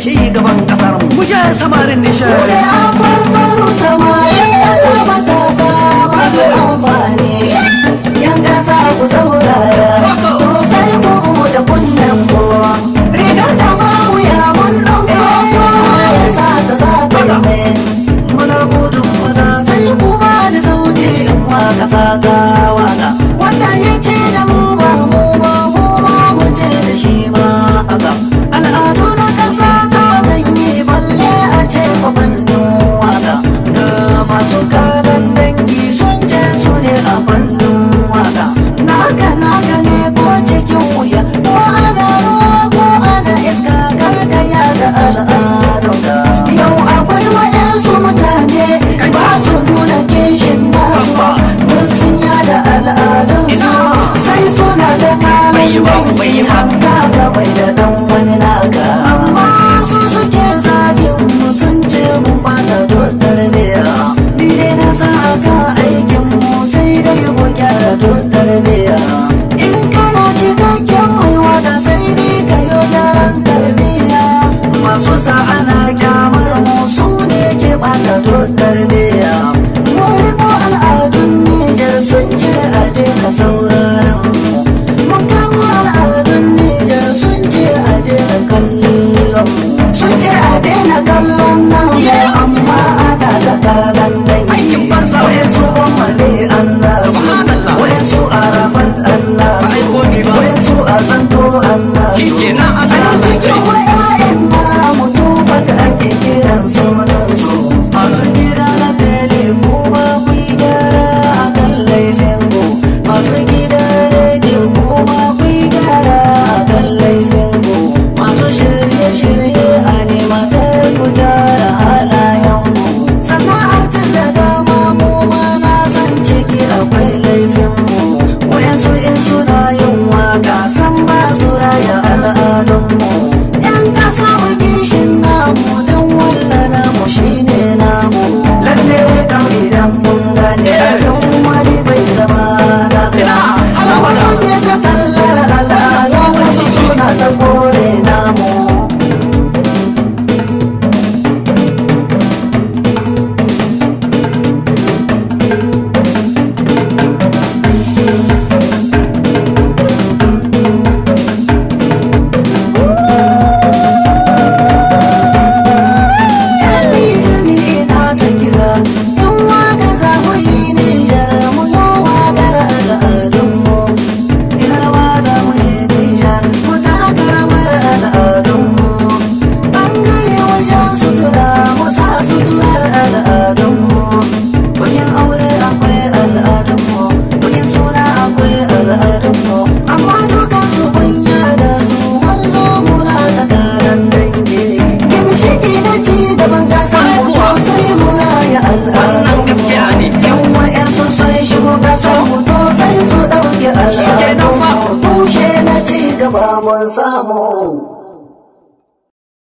ci gaban kasar mu. Mu je samarin nishar. a fannin waka naka naka ne ko cikin wuya ko ana ruwa ko ana iska karkaya da al'adunka yau akwai waɗansu mutane ba su nuna kishin nasu don sun da al'adunsu sai suna da karin banki hanga Tarbiya ci gaban gasa mu sai mura ya al'adu gaskiya ne yan sun sai shigo gasa mu oh. sai su dauke al'adu tushe na ci gaba mun samu